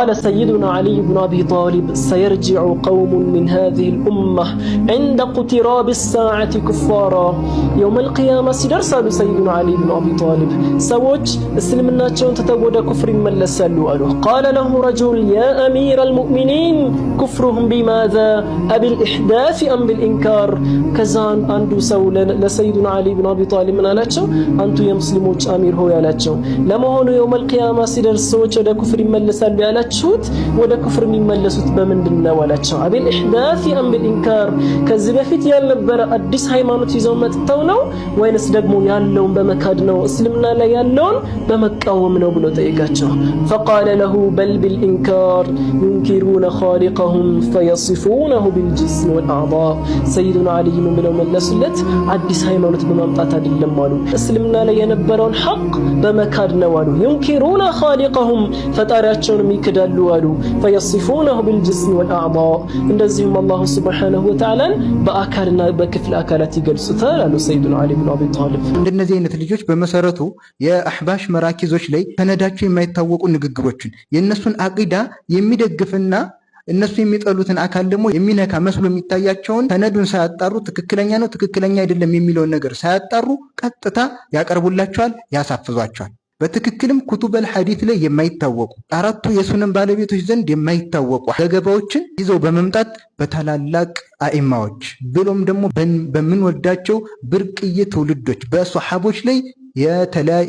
قال سيدنا علي بن ابي طالب سيرجع قوم من هذه الامه عند اقتراب الساعه كفارا يوم القيامه سيرسل سيدنا علي بن ابي طالب سوج اسلمنا تشون تتود كفر من أله قال له رجل يا امير المؤمنين كفرهم بماذا ابي الاحداث ام بالانكار كزان أنتو سولا لسيدنا علي بن ابي طالب من الاتشو انتو يا مسلموش امير هو الاتشو لما هون يوم القيامه سيدر سوج كفر من لسلو ካላችሁት ወደ ክፍር የሚመለሱት በምንድን ነው አላቸው። አቤል ኢሕዳፊ አም ቢል ኢንካር ከዚህ በፊት ያልነበረ አዲስ ሃይማኖት ይዘው መጥተው ነው ወይንስ ደግሞ ያለውን በመካድ ነው እስልምና ላይ ያለውን በመቃወም ነው ብሎ ጠይቃቸው። ፈቃለ ለሁ በል ቢል ኢንካር ዩንኪሩነ ኻሊቀሁም ፈየሲፉነሁ ቢልጅስም ወልአዕዳእ ሰይዱና ዓሊይ ምን ብለው መለሱለት? አዲስ ሃይማኖት በማምጣት አይደለም አሉ። እስልምና ላይ የነበረውን ሐቅ በመካድ ነው አሉ። ዩንኪሩነ ኻሊቀሁም ፈጣሪያቸውን የሚክዳ ይወስዳሉ አሉ። ፈየሲፉነሁ ቢልጅስም ወልአዕዳእ እንደዚሁም አላሁ ስብሓነሁ ወተዓላን በአካልና በክፍል አካላት ይገልጹታል አሉ ሰይዱና ዓሊ ብን አቢ ጣሊብ። እንደነዚህ አይነት ልጆች በመሰረቱ የአሕባሽ መራኪዞች ላይ ሰነዳቸው የማይታወቁ ንግግሮችን የእነሱን አቂዳ የሚደግፍና እነሱ የሚጠሉትን አካል ደግሞ የሚነካ መስሎ የሚታያቸውን ሰነዱን ሳያጣሩ ትክክለኛ ነው ትክክለኛ አይደለም የሚለውን ነገር ሳያጣሩ ቀጥታ ያቀርቡላቸዋል፣ ያሳፍዟቸዋል። በትክክልም ኩቱበል ሐዲት ላይ የማይታወቁ አራቱ የሱነን ባለቤቶች ዘንድ የማይታወቁ ዘገባዎችን ይዘው በመምጣት በታላላቅ አኢማዎች ብሎም ደግሞ በምንወዳቸው ብርቅዬ ትውልዶች በሶሓቦች ላይ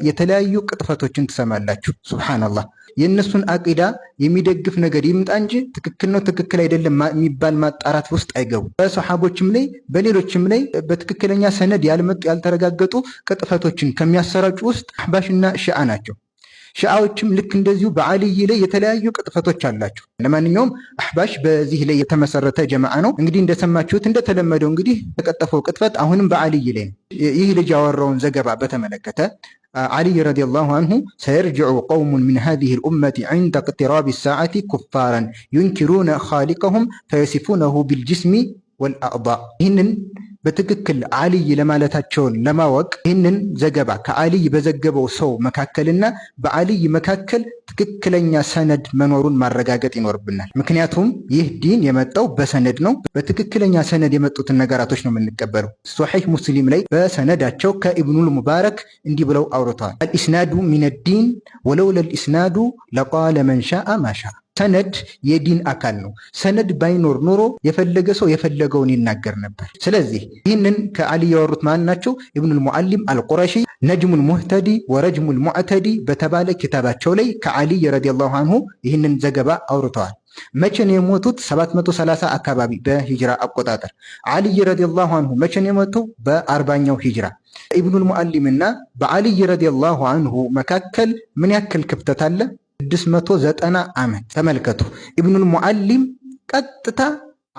የተለያዩ ቅጥፈቶችን ትሰማላችሁ። ሱብሓነላህ የእነሱን አቂዳ የሚደግፍ ነገር ይምጣ እንጂ ትክክል ነው ትክክል አይደለም የሚባል ማጣራት ውስጥ አይገቡ በሰሓቦችም ላይ በሌሎችም ላይ በትክክለኛ ሰነድ ያልመጡ ያልተረጋገጡ ቅጥፈቶችን ከሚያሰራጩ ውስጥ አሕባሽና ሽአ ናቸው። ሽአዎችም ልክ እንደዚሁ በአልይ ላይ የተለያዩ ቅጥፈቶች አላቸው። ለማንኛውም አሕባሽ በዚህ ላይ የተመሰረተ ጀማዓ ነው። እንግዲህ እንደሰማችሁት እንደተለመደው እንግዲህ ተቀጠፈው ቅጥፈት አሁንም በአልይ ላይ ነው። ይህ ልጅ ያወራውን ዘገባ በተመለከተ አልይ ረዲየላሁ አንሁ ሰየርጅዑ ቀውሙን ምን ሃዚህ ልኡመት ዕንደ ቅትራብ ሰዓቲ ኩፋራን ዩንኪሩነ ካሊቀሁም ፈየሲፉነሁ ቢልጅስሚ ወልአዕዳ ይህንን በትክክል አልይ ለማለታቸውን ለማወቅ ይህንን ዘገባ ከአልይ በዘገበው ሰው መካከልና በአልይ መካከል ትክክለኛ ሰነድ መኖሩን ማረጋገጥ ይኖርብናል። ምክንያቱም ይህ ዲን የመጣው በሰነድ ነው። በትክክለኛ ሰነድ የመጡትን ነገራቶች ነው የምንቀበለው። ሶሒህ ሙስሊም ላይ በሰነዳቸው ከኢብኑል ሙባረክ እንዲህ ብለው አውርተዋል። አልኢስናዱ ሚነዲን ወለውለል ኢስናዱ ለቃለ መንሻአ ማሻ ሰነድ የዲን አካል ነው። ሰነድ ባይኖር ኖሮ የፈለገ ሰው የፈለገውን ይናገር ነበር። ስለዚህ ይህንን ከአሊ ያወሩት ማን ናቸው? ኢብኑል ሙዓሊም አልቁረሺ ነጅሙል ሙህተዲ ወረጅሙል ሙዕተዲ በተባለ ኪታባቸው ላይ ከአሊይ ረዲየላሁ አንሁ ይህንን ዘገባ አውርተዋል። መቼ ነው የሞቱት? 730 አካባቢ በሂጅራ አቆጣጠር። አልይ ረዲየላሁ አንሁ መቼ ነው የሞተው? በአርባኛው ሂጅራ። ኢብኑል ሙዓሊምና በአልይ ረዲየላሁ አንሁ መካከል ምን ያክል ክፍተት አለ? 690 ዓመት ተመልከቱ። ኢብኑል ሙዓሊም ቀጥታ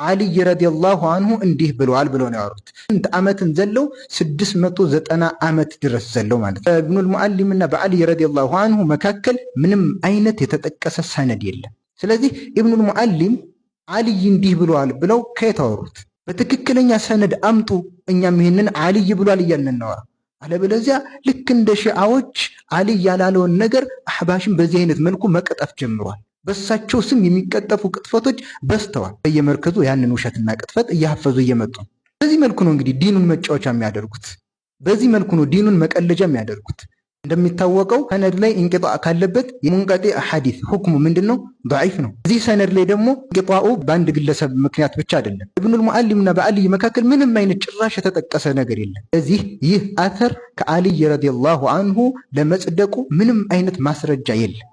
አልይ ረዲየላሁ አንሁ እንዲህ ብለዋል ብለው ነው ያወሩት። ስንት ዓመትን ዘለው 690 ዓመት ድረስ ዘለው ማለት ነው። ኢብኑል ሙዓሊምና በአልይ ረዲየላሁ አንሁ መካከል ምንም አይነት የተጠቀሰ ሰነድ የለም። ስለዚህ ኢብኑል ሙዓሊም አልይ እንዲህ ብለዋል ብለው ከየት አወሩት? በትክክለኛ ሰነድ አምጡ። እኛም ይህንን አልይ ብሏል እያልን እናወራ አለበለዚያ ልክ እንደ ሺዓዎች አሊ ያላለውን ነገር አሕባሽን በዚህ አይነት መልኩ መቀጠፍ ጀምሯል። በሳቸው ስም የሚቀጠፉ ቅጥፈቶች በዝተዋል። በየመርከዙ ያንን ውሸትና ቅጥፈት እያሐፈዙ እየመጡ ነው። በዚህ መልኩ ነው እንግዲህ ዲኑን መጫወቻ የሚያደርጉት። በዚህ መልኩ ነው ዲኑን መቀለጃ የሚያደርጉት። እንደሚታወቀው ሰነድ ላይ እንቅጣ ካለበት የሙንቀጢ ሐዲስ ሁክሙ ምንድን ነው? ضعيፍ ነው። እዚህ ሰነድ ላይ ደግሞ እንቅጣኡ በአንድ ግለሰብ ምክንያት ብቻ አይደለም። ኢብኑል ሙዓሊምና በአልይ መካከል ምንም አይነት ጭራሽ የተጠቀሰ ነገር የለም። ስለዚህ ይህ አተር ከአልይ ረዲየላሁ አንሁ ለመጽደቁ ምንም አይነት ማስረጃ የለም።